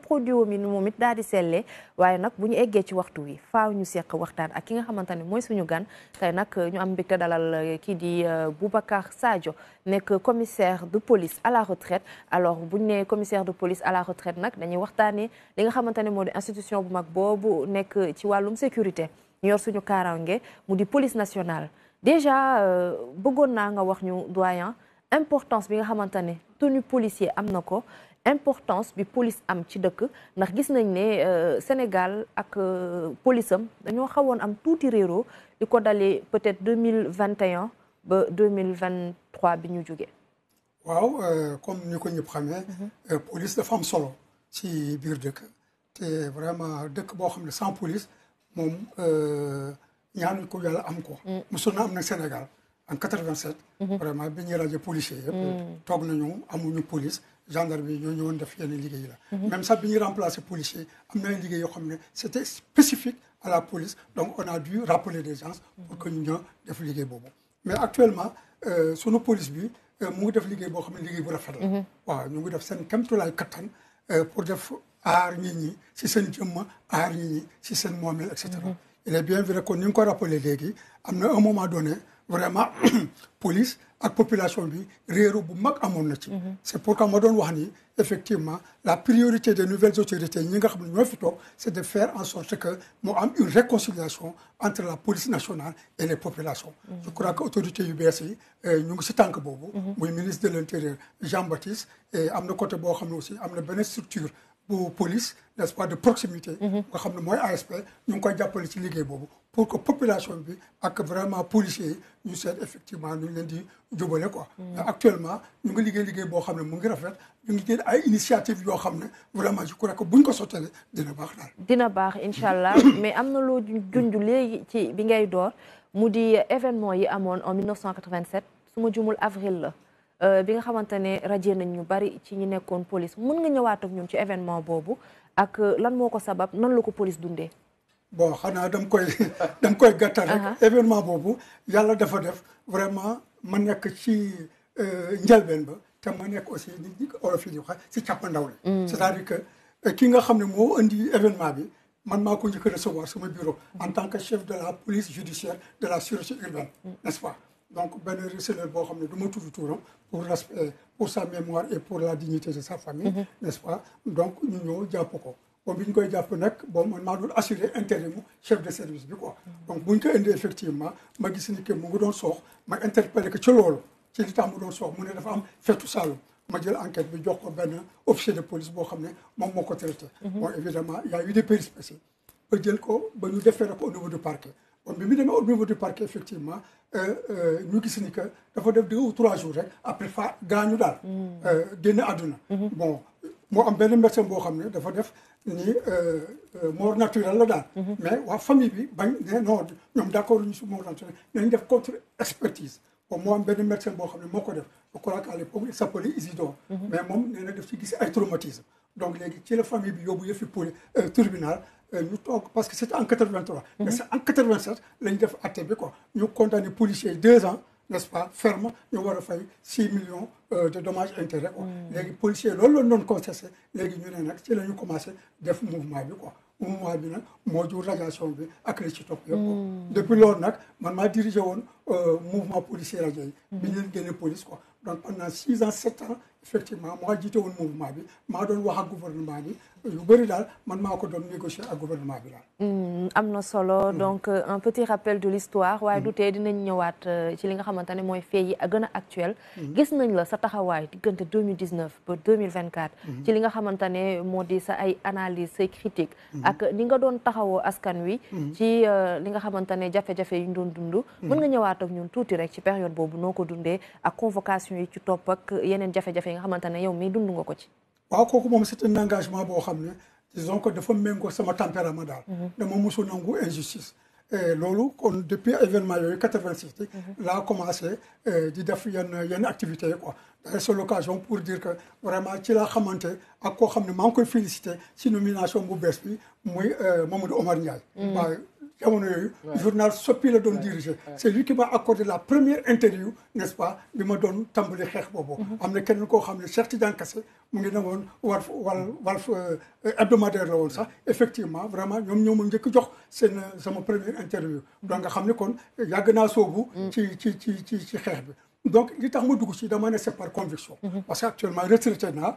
produit wam ci waxtu commissaire de police à la retraite alors vous né commissaire de police à la retraite dañuy li nga institution bu mag bobu nek ci sécurité suñu police nationale déjà eh, nga wax importance bi tenue policier importance bi police am ci deuk ndax gis nañ né euh, Sénégal ak euh, police am dañoo xawoon am touti réro diko dalé peut-être 2021 ba 2023 bi ñu jógee. waaw euh, comme ni ko ñëpp xamee. Mhm. police dafa am solo ci biir deuk té vraiment deuk bo xamné sans police mom euh ñaanuñ ko yàlla am ko. Mm. mosoon na am na Sénégal en 87 mhm. vraiment bi ñuy rajo policier yëpp. Mm. toog nañu amuñu police gendarme yi ñoo ñëwoon def yenn liggéey la. Mhm. même ça, bi ñuy remplacer policier am na liggéey yoo c'était spécifique à la police donc on a dû rappeler les gens. pour que ñu ñëw def liggéey boobu. mais actuellement euh, sunu police bi euh, mu ngi def liggéey boo xam ne liggéey bu rafet la. Mhm. waaw ñu ngi def seen kéemtulaay kattan euh, pour def aar nit ñi si seen jëmm aar nit ñi si seen moomeel et cetera. Mhm. il est bien vrai que ni nga ko rappelé léegi am na un moment donné vraiment police ak population bi réero bu mag amoon na ci. Mhm. pourquoi ma doon wax ni effectivement la priorité des nouvelles autorités c'est xam de faire en sorte que mu am une réconciliation entre la police nationale et les populations. Mhm. je crois que l'autorité UBSI bees yi euh, ñu ngi si tànk boobu. Mhm. ministre de l'Intérieur, Jean Baptiste. et am na côté boo aussi am na structure. Pour police n'est-ce pas de proximité. nga xam ne mooy ASP ñu ngi koy jàppale ci liggéey pour que population bi ak vraiment policier, yi ñu seet effectivement ñu dit di jubale quoi. Mm. actuellement ñu ngi liggéey liggéey boo xam ne mu ngi rafet ñu ngi jël ay initiative yoo xam vraiment je crois que buñ ko sottalee dina baax daal. dina baax incha mais am na loo qui léegi ci bi ngay door mu di événement yi en 1987 su ma jumul avril la. Euh, bi nga xamante ne radié nañ ñu bari ci ñi nekkoon police mën nga ñëwaat ak ñun ci événement boobu ak euh, lan moo ko sabab nan la ko police dundee. bon xanaa dam koy dam koy gàttal rek. Uh-huh. événement boobu yàlla dafa def vraiment ma nekk ci euh, njëlbeen ba te ma nekk aussi nit ñi olof yi di wax si càppandaw la. Mm. c'est-à-dire que ki nga xam ne moo indi événement bi. man maa ko njëkk a recevoir sama bureau en tant que chef de la police judiciaire de la sûreté urbaine mm. nest donc ben le boo xam ne du ma tudd pour respect euh, pour sa mémoire et pour la dignité de sa famille. Mhm. n'est-ce pas donc ñu ñoo japp ko. bon biñ koy japp nak bon man m'a doon assurer intérim chef de service bi quoi. Mhm. donc buñ ko indi effectivement ma gis ni que mu ngi doon sox ma interpellé que ci loolu ci li tax mu doon soox mu ne dafa am fetu saalum. ma jël enquête bi jox ko ben officier de police bo xam mom moko traiter mhm. bon évidemment y a eu des péripéties ba jël ko ba ñu déféré ko au niveau du parquet bi mu demee au niveau du parc effectivement euh, euh, ñu gis ni que dafa def deux ou trois jours rek après fa gaañu daal. Mm. Euh, génn àdduna. Mm-hmm. bon moo am benn médecin boo xam ne dafa def ni mort naturelle la daal. Mm-hmm. mais waa famille bi bañ ne non ñoom d' accord ñu si mort naturelle nañ def contre expertise bon moo am benn médecin boo xam ne moo ko def je crois qu' à l' époque il s' appelait Isidore. Mm-hmm. mais moom nee na def ci gis ay traumatisme donc les téléphones la famille bi yóbbu yëfi poli euh, tribunal euh, ñu parce que c'est en 83. Mhm. mais c'est en 87 la def atté bi quoi ñu condamné policier deux ans nest ce pas ferme ñu wara fay 6 millions euh, de dommages intérêts quoi. Mhm. policiers policier loolu la ñu doon contesté léegi ñu ne ci lañu commencer commencé def mouvement bi quoi. mouvement bi nak mo jur radiation bi ak ci top yëpp mhm. depuis lors nak man maa dirigé euh, mouvement policier radio bi ñu leen police quoi donc pendant 6 ans 7 ans. effectivement maa jiite woon mouvement bi maa doon wax ak gouvernement bi yu bëri daal man maa ko doon négocier ak gouvernement bi daal. Mm, am na solo mm. donc euh, un petit rappel de l'histoire waaye mm. du tee dinañ ñëwaat euh, ci li nga xamante ne mooy fee yi gën a gis nañ la sa taxawaay diggante 2019 ba 2024. ci li nga xamante ne moo di sa ay analyse say critique ak ni nga doon taxawoo askan wi. ci euh, li nga xamante ne jafe-jafe yi ñu doon dund. mën nga ñëwaat ak ñun tuuti rek ci période boobu noo ko dundee a convocation yi ci topp ak yeneen jafe-jafe yi nga xamante ne yow mii dund nga ko ci. ko ko moom c'est un engagement boo xam ne disons que dafa mengo sama tempérament daal mhm. dama musu nangou injustice lolu kon depuis événement yooyu 86 mhm. laa commencé euh, di def yenn yenn activités yi quoi d'ailleurs c'est l'occasion pour dire que vraiment ci la xamanté ak ko xamné ne maa ngi koy félicité si nomination bu bees bi muy euh, Mamadou Omar Ndiaye mhm. waaye journal c'est lui qui m'a accordé la première interview n'est-ce pas Il ma donné mhm. le euh, effectivement vraiment ma première interview mhm. donc nga mm. donc conviction mhm. parce qu'actuellement, actuellement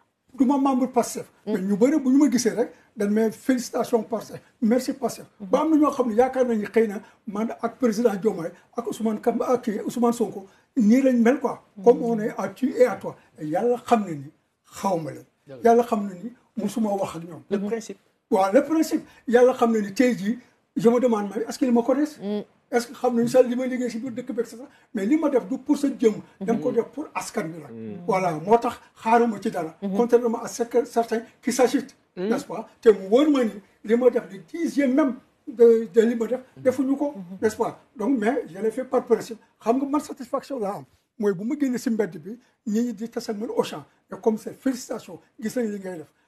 du membre passif mm. mais ñu bëri bu ñu ma gisee rek dañ may félicitation Pastef merci Pastef mm-hmm. ba am na ñoo xam ne yaakaar nañu xëy na man ak président Diomaye ak Ousmane Kamba ak Ousmane Sonko nii lañ mel quoi mm-hmm. comme on est à tu et à toi yàlla xam ne ni xaw ma leen yàlla xam ne ni musuma wax ak ñoom le principe waaw le principe yàlla xam ne ni tey jii je me demande est-ce qu'ils me connaissent mm est-ce que xam nañu sax li may liggéey si biir dëkk beeg sax mais li ma def du pour sa jëm mhm. dama ko def pour askan bi la mhm. voilà moo tax xaaruma ci dara mhm. contrairement à certains qui s'agitent n'est-ce pas te mu wóor ma ni li ma def le dixième même de de li ma def defuñu ko n'est-ce pas donc mais je l'ai fait par principe xam nga man satisfaction laa am mooy bu ma génne si mbedd bi ñi ñi di tas ak man au champ et comme c'est félicitation gis nañ li ngay def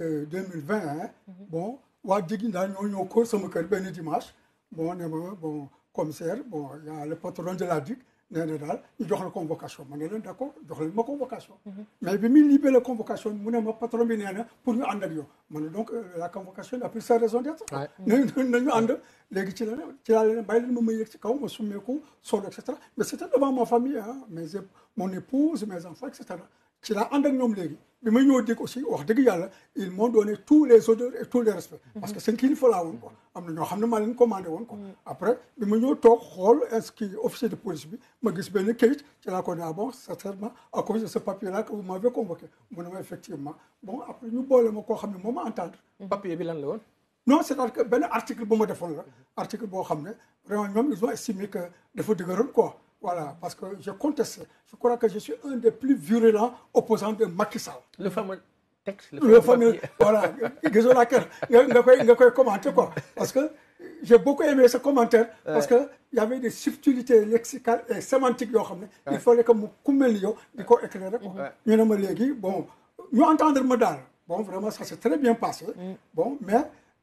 2020 euh, hein, mm -hmm. bon waa jig daal ñoo ñoo ko sama kër benn dimanche bon ne bon commissaire bon y a le patron de la DIC nee il daal la convocation ma ne d'accord, d' accord convocation. Mhm. mais il bi libère la convocation mon patron bi nee pour nous en ak mon donc euh, la convocation a plus sa raison d'être. être. nañu ànd léegi ci la ci laa leen bàyyi leen ma ma yëg ci kaw ma summeeku sol et cetera mais c'était devant ma famille hein, mes mon épouse mes enfants etc ci la ànd ak ñoom léegi bi ma ñëw dégg aussi wax dëgg yàlla ils m'ont donné tous les honneurs et tous les respects mhm. parce que seen ce qu'il woon quoi am na ñoo xam ne maa leen commandé woon quoi mhm. après bi ma ñëw toog xool est-ce que officier de police bi ma gis benn kayit ci la ko ne ah bon certainement à cause de ce papier là que vous m'avez convoqué mu ne ma effectivement bon après ñu boole ma koo xam ne moo ma entendre mhm. papier bi lan la woon non c'est-à-dire que benn article bu ma defoon la article boo xam ne vraiment ñoom ils ont estimé que dafa dëgëral quoi voilà, parce que je conteste. Je crois que je suis un des plus virulents opposants de Macky Sall. Le fameux texte, le fameux, le fameux voilà, commenter quoi. Parce que j'ai beaucoup aimé ce commentaire parce qu'il y avait des subtilités lexicales et sémantiques il fallait que mon kummel yow il ko éclairer ko bon nous entendre madame, bon vraiment ça s'est très bien passé. Mm. bon mais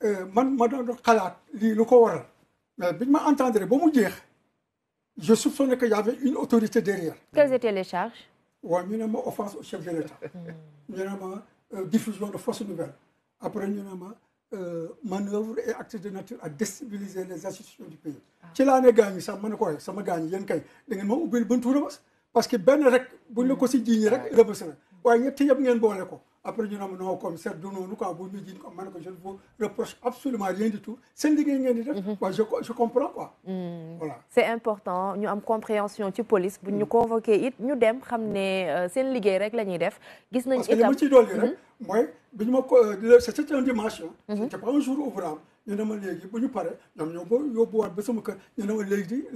euh, man ma doon xalaat lii lu waral mais ma entendre je mu jeex. Je soupçonnais qu'il y avait une autorité derrière. Quelles étaient les charges Oui, nous avons offense au chef de l'État. nous avons euh, diffusion de fausses nouvelles. Après, nous avons euh, manœuvre et actes de nature à déstabiliser les institutions du pays. Ah. ci l'on a gagné, ça ma gagné, ça m'a gagné. gaañu yéen kay da ngeen ma ubbil buntu rëbës parce que ben rek buñ la ko si jiiñi rek rëbës na waaye il y a une ko après ñu ne ma non comme seet du noonu quoi bu ñu jiñ ko man ko je ne vous reproche absolument rien du tout C'est liggéey ngeen di def. Mhm. quoi je je comprends quoi. Mm. voilà c' important ñu am compréhension ci police bu ñu mm. convoqué it ñu dem xam ne euh, seen liggéey rek la def. gis nañ itam parce que li ma ciy dolli rek. Mhm. mooy bi ñu ma ko c' était un dimanche. Hein. Mhm. c' était pas un jour ouvrable. ñu ne ma léegi bu ñu paree ñoom ñoo ba yóbbuwaat ba sama kër ñu ne ma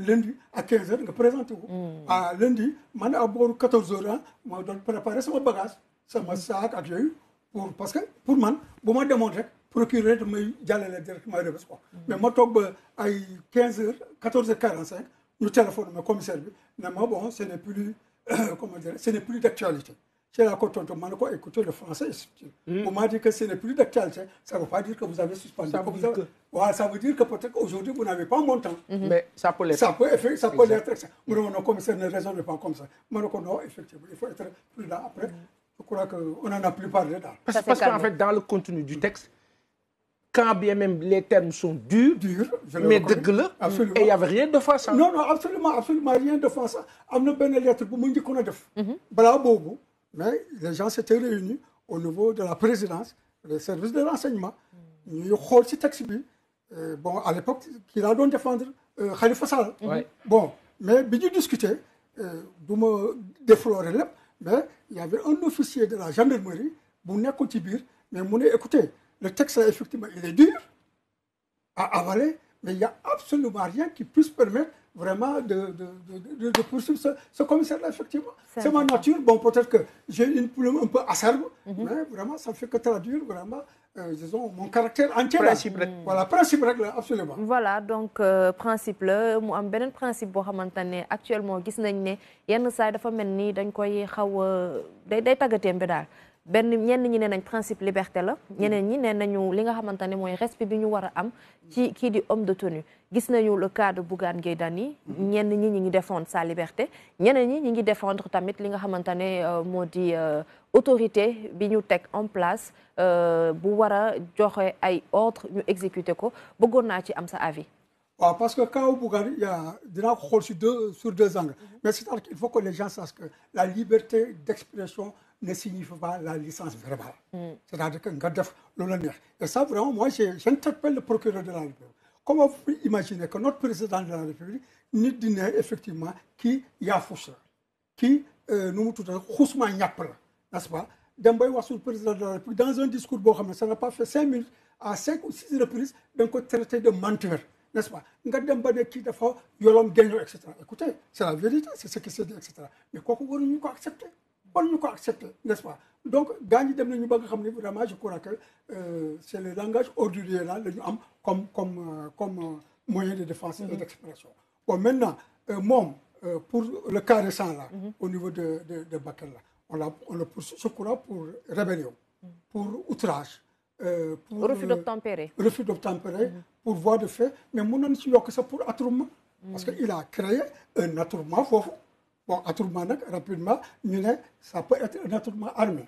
lundi à 15h nga présenté wu. Mm. À lundi man à booru 14h ah hein, ma préparer préparé sama bagage sama ak yooyu pour parce que pour man bu ma demoon rek procureur damay jàllale directement Rebeuss quoi. Mm-hmm. mais ma toog ba ay 15 heures 14 heures 45 ñu téléphoné ma commissaire bi ne ma bon ce n' est plus comment dire ce n' est plus d' actualité. la laa ko tontu ma ko le français mm-hmm. on m'a dit que ce n' est plus d' actualité ça veut pas dire que vous avez suspendu. ça veut dire que waaw ça veut dire que peut être aujourd'hui vous n'avez pas mon temps. Mm-hmm. mais ça peut l' être ça peut effet ça peut l' être. mu ne ma non commissaire ne raisonne pas comme ça ma ne ko non effectivement il faut être prudent après je crois qu'on en a plus parlé. Là. Parce, parce qu'en fait, dans le contenu du texte, quand bien même les termes sont durs, mais de gueule, et il n'y avait rien de à Non, non, absolument, absolument rien de Il y a une lettre pour nous qu'on a Bravo, Mais les gens s'étaient réunis au niveau de la présidence, le services de renseignement. Nous avons ce texte. Euh, bon, à l'époque, qu'il a donné défendre euh, Khalifa Sall. Bon, mais bien discuté, euh, de me déflorer le mais il y avait un officier de la gendarmerie bu Kotibir, mais mon écoutez le texte effectivement il est dur à avaler mais il n'y a absolument rien qui puisse permettre vraiment de de poursuivre ce commissaire là effectivement. c'est ma nature bon peut-être que j'ai une plume un peu acerbe. Mhm. mais vraiment ça ne fait que dur vraiment euh, disons, mon caractère entier principe la. voilà principe rek absolument. voilà donc euh, principe la mu am beneen principe boo xamante ne actuellement gis nañ ne yenn saa dafa mel ni dañ koy xaw a day day tàggatémbe daal. benn ñenn ñi ne nañ principe liberté la ñeneen ñi ne nañu li nga xamante ne mooy respect bi ñu war am ci kii di homme de tenue gis nañu le cas de Bougane Gueye ñen ñi ñi ngi défendre sa liberté ñeneen ñi ñi ngi défendre tamit li nga xamantane ne euh, moo di euh, autorité nous tek en place euh, bu wara joxe ay ordre ñu exécuter ko ci am sa avis. parce que quand Bougari il y a sur deux sur deux angles mhm. mais c'est-à-dire qu'il faut que les gens sachent que la liberté d'expression ne signifie pas la licence verbale. Mhm. c'est-à-dire que nga def loolu et ça vraiment moi j'interpelle le procureur de la République. Comment vous pouvez imaginer que notre président de la République nit effectivement effectivement qu'il y a nous kii tout à tudd xusuma des la n'est-ce pas dem bay wax suñu président de la République dans un discours boo xam ça n'a pas fait cinq minutes à cinq ou six reprises d'un côté traité de menteur n'est-ce pas nga dem ba ne yolom génno et écoutez c'est la vérité c'est ce qui se dit etc. Mais quoi que vous ko accepter waruñu ko accepter n'est-ce pas donc gaa ñi dem nañu ba nga xam vraiment je crois que euh, c'est le langage ordurier là la ñu am comme comme euh, comme euh, moyen de défense et mm-hmm. d'expression bon maintenant euh, pour le cas récent là mm-hmm. au niveau de de de Bakel là on, a, on le poursuit, je crois, pour rébellion, mm. pour outrage. Euh, pour refus euh, d'obtempérer. refus d'obtempérer, mm -hmm. pour voir de fait. Mais mon nom, c'est ça pour attroupement. Mm. Parce qu'il a créé un attroupement fort. Bon, attroupement, rapidement, ça peut être un attroupement armé.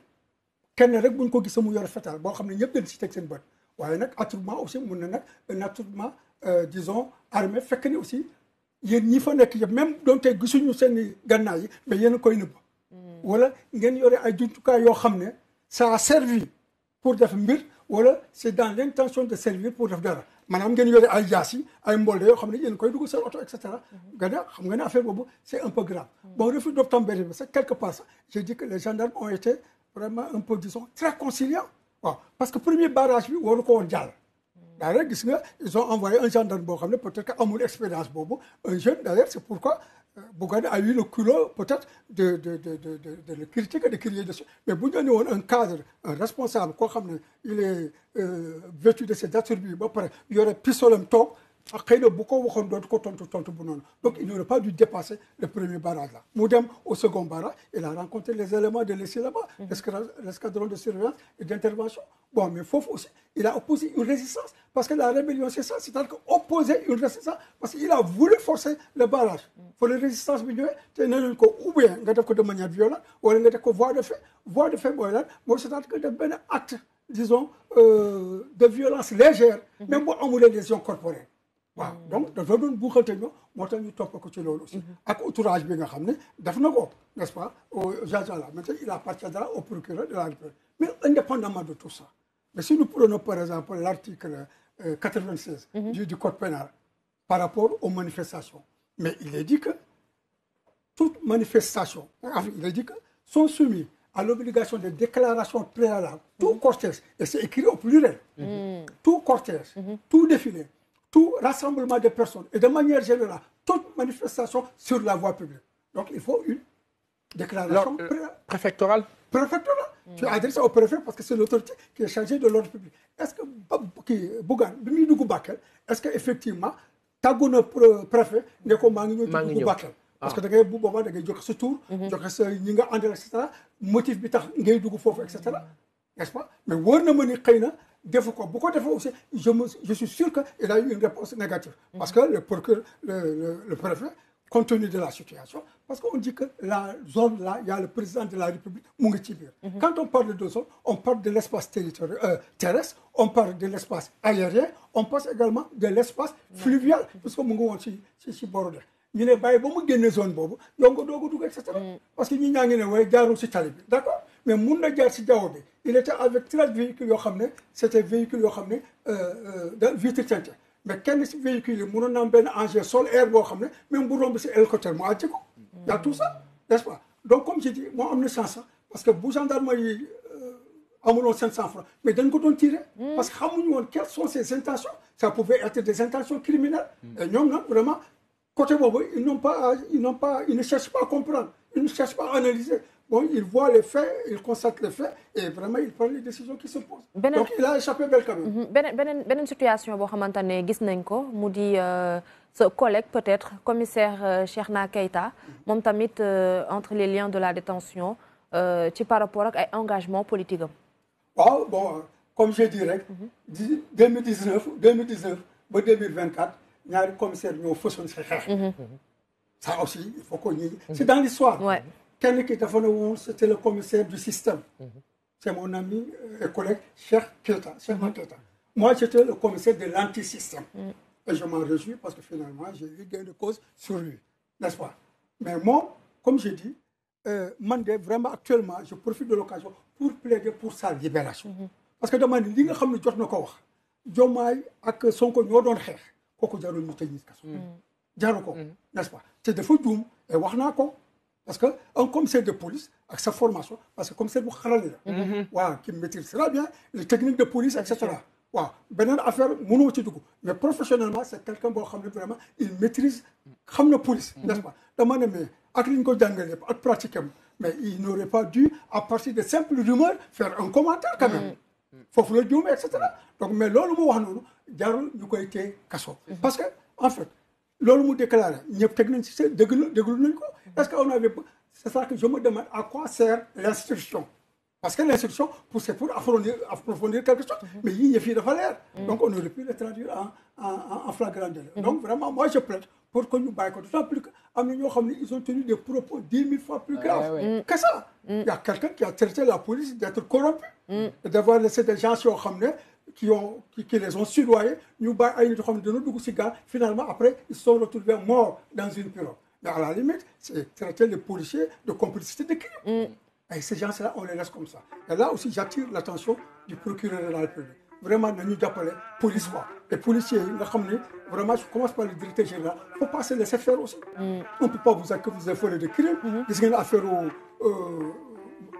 kenn rek bu ñu ko fatal. mu yor fetal boo xam ne dañ si teg seen bët attroupement aussi mun na un attroupement euh, disons armé fekk ni aussi yéen ñi fa nekk yëpp même donte gisuñu seen i gànnaay mais mais yéen a koy nëbb wala il y ay un yoo ça a servi pour def mbir wala c'est dans l'intention de servir pour def dara maanaam il y ay jaas yi ay mbolde yoo xam ne yéen koy dugg seen etc. et cetera xam nga affaire c'est un peu grave bon refus d'obtempérer c'est quelque part j'ai dit que les gendarmes ont été vraiment un peu disons très conciliants parce que premier barrage bi waru ko woon jàll d'ailleurs ils ont envoyé un gendarme boo xam peut-être que amul expérience un jeune d'ailleurs c'est pourquoi Bougane a eu le culot peut-être de, de, de, de, le critiquer, de crier dessus. Mais bu a eu un cadre, un responsable il est euh, vêtu de ses attributs y aurait pu pistolam temps donc il n'aurait pas dû dépasser le premier barrage là au second barrage il a rencontré les éléments de laissé là-bas mhm. l'escadron de surveillance et d'intervention bon mais aussi il a opposé une résistance parce que la rébellion c'est ça c'est-à-dire que opposer une résistance parce qu'il a voulu forcer le barrage pour mm. la résistance il ñëwee te nee ou bien nga de manière violente ou nga ko de fait voie de fait c'est-à-dire que de un acte disons euh, de violence légère mm-hmm. même bu une lésion corporelle Mm. donc dafa doon buuxante ñoo moo tax ñu topp ko ci loolu aussi mm-hmm. ak outrage bi nga xam ne def n'est-ce pas au agent maintenant il appartiendra au procureur de la mais indépendamment de tout ça mais si nous prenons par exemple l'article 96 euh, mm-hmm. du code pénal par rapport aux manifestations mais il est dit que toutes manifestations il dit sont soumises à l'obligation de déclaration préalable tout mm-hmm. cortège et c'est écrit au pluriel tout cortège tout défilé tout rassemblement de personnes et de manière générale, toute manifestation sur la voie publique. Donc il faut une déclaration euh, préfectorale. Préfectorale. Mmh. Tu adressé au préfet parce que c'est l'autorité qui est chargée de l'ordre public. Est-ce que Bougan, est-ce qu'effectivement, Tagouna préfet n'est qu'au Mangino Bakel ah. parce que d'ailleurs, ngay bu qui da ngay tour. Mhm. joxe ce ñi nga àndal et cetera motif bi tax ngay dugg foofu et cetera n'est-ce pas mais où est ma ni defu ko bu je me je suis sûr qu'il a eu une réponse négative. Mhm. parce que le procureur le préfet compte tenu de la situation parce qu'on dit que la zone là il y a le président de la République mu ngi mhm. quand on parle de zone on parle de l'espace euh, terrestre on parle de l'espace aérien on parle également de l'espace fluvial parce que mu ngi woon ci ci ci booru ñu ne bàyyi ba mu zone mm. parce que ñi ñaa ne waaye jaarul tali d'accord mais mun na c'est un jaww il était avec 13 véhicules c'était xam véhicules euh, euh, vitre teintée mais quels véhicules yi mënoon un engin sol air boo ne même bu romb si hélicoptère mu àjji il y' a tout ça nest ce pas donc comme je dis moi j'ai 500, parce que les gendarmes, ils euh, amuloon 500 francs mais dañ ko doon tiré. Hmm. parce que nous woon quelles sont ses intentions ça pouvait être des intentions criminelles. Hmm. et nous, vraiment côté Bobo, ils n'ont pas ils n'ont pas ils ne cherchent pas à comprendre ils ne cherchent pas à analyser bon, il voit les faits, il constate les faits et vraiment il prend les décisions qui se posent. donc il a échappé bel quand même. y benen, une situation boo xamante ne gis nañ ko ce euh, collègue peut-être commissaire euh, Cherna Keïta moom tamit euh, entre les liens de la détention tu par rapport à engagement politique bon comme je dirais, 2019, 2019, 2024, il y a un commissaire qui ba son commissaire mhm. ça aussi il faut qu'on y. Mhm. c'est dans l'histoire ouais c'était le commissaire du système c'est mon ami et collègue cher moi j'étais le commissaire de l'antisystème et je m'en réjouis parce que finalement j'ai eu gain de cause sur lui n'est-ce pas mais moi comme je dis euh, man vraiment actuellement je profite de l'occasion pour plaider pour sa libération parce que je ne li nga mm. jaru mm. n'est-ce pas et ko parce que un commissaire de police avec sa formation parce que commissaire bu xarale la. Mhm. waaw qui maîtrise très bien les techniques de police etc. cetera. waaw a affaire mënoo ci mais professionnellement c'est quelqu'un qui un vraiment il maîtrise comme police. Mhm. nest ce pas dama mais ak ko pratique mais il n'aurait pas dû à partir de simples rumeurs faire un commentaire quand même. Mhm. foofu la juum et cetera donc mais loolu mu wax noonu jarul ñu koy téye parce que en fait loolu mu déclaré ñëpp teg nañ ci seen déglu déglu ko est qu'on avait. C'est ça que je me demande à quoi sert l'instruction parce que l'instruction, c'est pour approfondir, quelque chose, mhm. mais il y a pas de valeur. Mhm. Donc on aurait pu le traduire en, en, flagrant mhm. Donc vraiment, moi je plaide pour que nous contre. D'autant plus ils ont tenu des propos 10 000 fois plus graves mm. que ça. Mm. Il y a quelqu'un qui a traité la police d'être corrompu, mm. d'avoir laissé des gens sur Hamlet qui, ont, qui, les ont surloyés, nous, finalement, après, ils sont retrouvés morts dans une pirogue. Mais à la limite, c'est traiter les policiers de complicité de crime. Mm. Et ces gens-là, on les laisse comme ça. Et là aussi, j'attire l'attention du procureur de la République. Vraiment, nous appelons police. Les policiers, vraiment, je commence par le directeur général. Il faut passer laisser faire aussi. Mm. On ne peut pas vous accuser de crime, des crimes. une au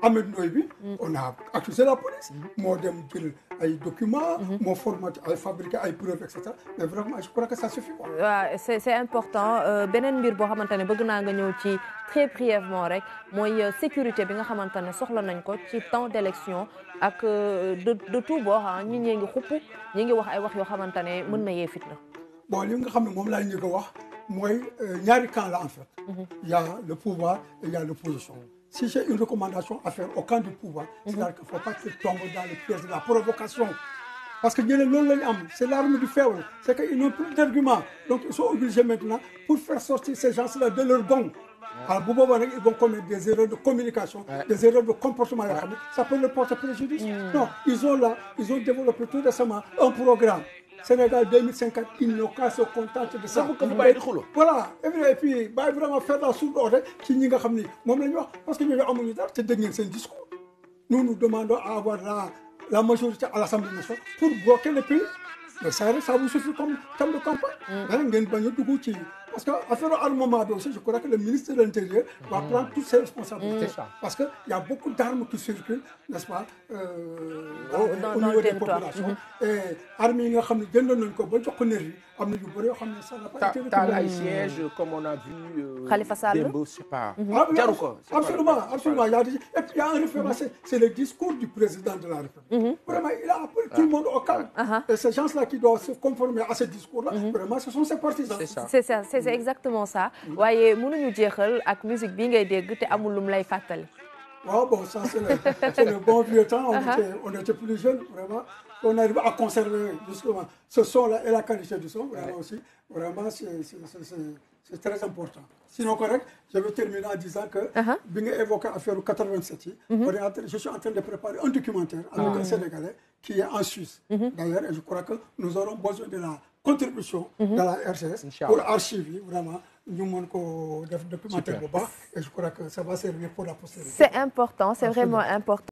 on a accusé la police documents mon format fabriqué preuves etc. mais vraiment je crois que ça suffit c'est important Je euh, mbir très brièvement rek la euh, sécurité bi nga avez soxla temps d'élection Et euh, de de tout hein. ne il y a le pouvoir et il y l'opposition si j'ai une recommandation à faire au camp du pouvoir, c'est-à-dire qu'il ne faut pas qu'il tombe dans les pièces de la provocation. Parce que c'est l'arme du faible, c'est qu'ils n'ont plus d'arguments. Donc ils sont obligés maintenant, pour faire sortir ces gens-là de leur gang. Alors, ils vont commettre des erreurs de communication, des erreurs de comportement. Ça peut leur porter préjudice. Mm. Non, ils ont là, ils ont développé tout récemment un programme Sénégal 2050, n'y a qu'à se contenter de ça. Voilà, et puis, bah, vraiment faire la sourde ordre, qui n'y a pas de parce que nous avons un c'est dernier discours. Nous nous demandons à avoir la, majorité à l'Assemblée nationale pour bloquer le pays. Mais ça, ça vous suffit comme terme de campagne. Vous avez un parce qu'à ce moment donné, je crois que le ministre de l'Intérieur va mm. prendre toutes ses responsabilités. Parce qu'il y a beaucoup d'armes qui circulent, n'est-ce pas, euh, dans, oh, au dans niveau des populations. Mm-hmm. Et armes qui ont été Tal ay siège comme on a vu euh, Khalifa Sall mm-hmm. ah, pas. absolument absolument il y a et puis il y a un référence c'est le discours du président de la République mm-hmm. vraiment il a appelé tout le monde au calme ah. Ah. et ces gens là qui doivent se conformer à ce discours là vraiment ce sont ses partisans ça c'est ça c'est exactement ça waaye mënuñu jeexal ak musique bi ngay dégg te amul lum lay waaw ah bon ça c'est le bon vieux temps. on était on était plus jeune vraiment. on arrive à conserver justement ce son-là et la qualité du son. vraiment aussi vraiment c'est c'est c'est très important. sinon correct je vais terminer en disant que. Uh-huh. bi nga évoqué affaire 87 yi. Mm-hmm. je suis en train de préparer un documentaire. avec ah. un Sénégalais qui est en Suisse. Mm-hmm. d'ailleurs je crois que nous aurons besoin de la contribution. Mhm. dans la RCS. pour archiver vraiment ñu mën ko def documentaire et je crois que ça va servir pour la postérité. c'est important c'est vraiment important.